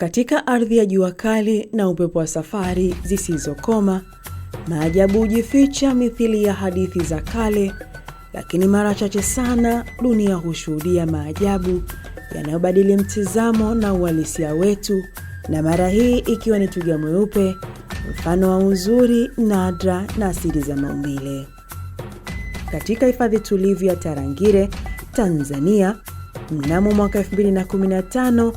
Katika ardhi ya jua kali na upepo wa safari zisizokoma, maajabu hujificha mithili ya hadithi za kale, lakini mara chache sana dunia hushuhudia maajabu yanayobadili mtizamo na uhalisia wetu, na mara hii ikiwa ni twiga mweupe, mfano wa uzuri, nadra na asili za maumbile. Katika hifadhi tulivu ya Tarangire, Tanzania, mnamo mwaka 2015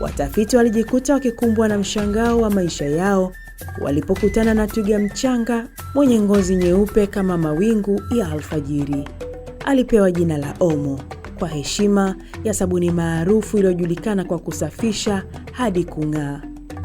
Watafiti walijikuta wakikumbwa na mshangao wa maisha yao walipokutana na twiga mchanga mwenye ngozi nyeupe kama mawingu ya alfajiri. Alipewa jina la Omo kwa heshima ya sabuni maarufu iliyojulikana kwa kusafisha hadi kung'aa.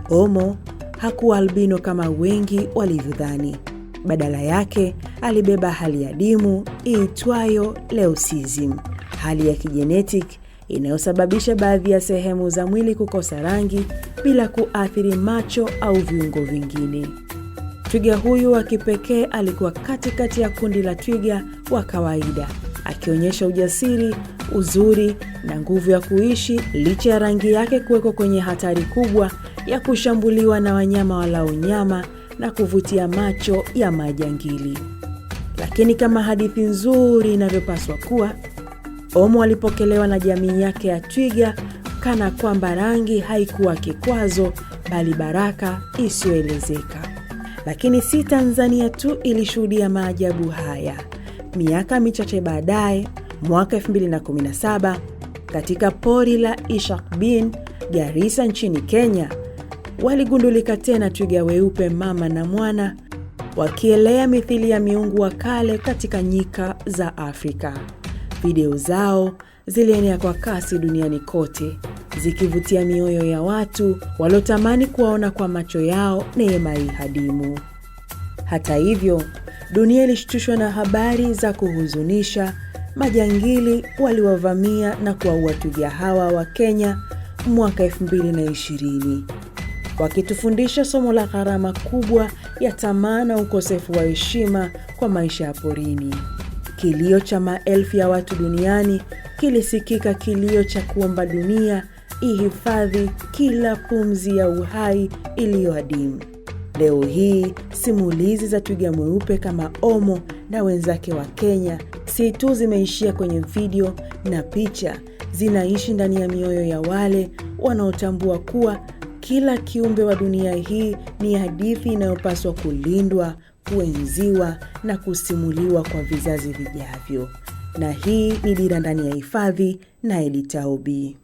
Omo hakuwa albino kama wengi walivyodhani. Badala yake alibeba hali ya dimu iitwayo leucism, hali ya kijenetiki inayosababisha baadhi ya sehemu za mwili kukosa rangi bila kuathiri macho au viungo vingine. Twiga huyu wa kipekee alikuwa katikati ya kundi la twiga wa kawaida, akionyesha ujasiri, uzuri na nguvu ya kuishi licha ya rangi yake kuwekwa kwenye hatari kubwa ya kushambuliwa na wanyama walao nyama na kuvutia macho ya majangili. Lakini kama hadithi nzuri inavyopaswa kuwa, Omo alipokelewa na jamii yake ya twiga kana kwamba rangi haikuwa kikwazo bali baraka isiyoelezeka. Lakini si Tanzania tu ilishuhudia maajabu haya. Miaka michache baadaye, mwaka 2017, katika pori la Ishakbin, garisa nchini Kenya, waligundulika tena twiga weupe mama na mwana wakielea mithili ya miungu wa kale katika nyika za Afrika. Video zao zilienea kwa kasi duniani kote, zikivutia mioyo ya watu waliotamani kuwaona kwa macho yao neema hii hadimu. Hata hivyo, dunia ilishtushwa na habari za kuhuzunisha. Majangili waliwavamia na kuwaua twiga hawa wa Kenya mwaka 2020, wakitufundisha somo la gharama kubwa ya tamaa na ukosefu wa heshima kwa maisha ya porini. Kilio cha maelfu ya watu duniani kilisikika, kilio cha kuomba dunia ihifadhi kila pumzi ya uhai iliyoadimu. Leo hii simulizi za twiga mweupe kama Omo na wenzake wa Kenya si tu zimeishia kwenye video na picha, zinaishi ndani ya mioyo ya wale wanaotambua kuwa kila kiumbe wa dunia hii ni hadithi inayopaswa kulindwa, kuenziwa na kusimuliwa kwa vizazi vijavyo. Na hii ni Dira Ndani ya Hifadhi na Editaubi.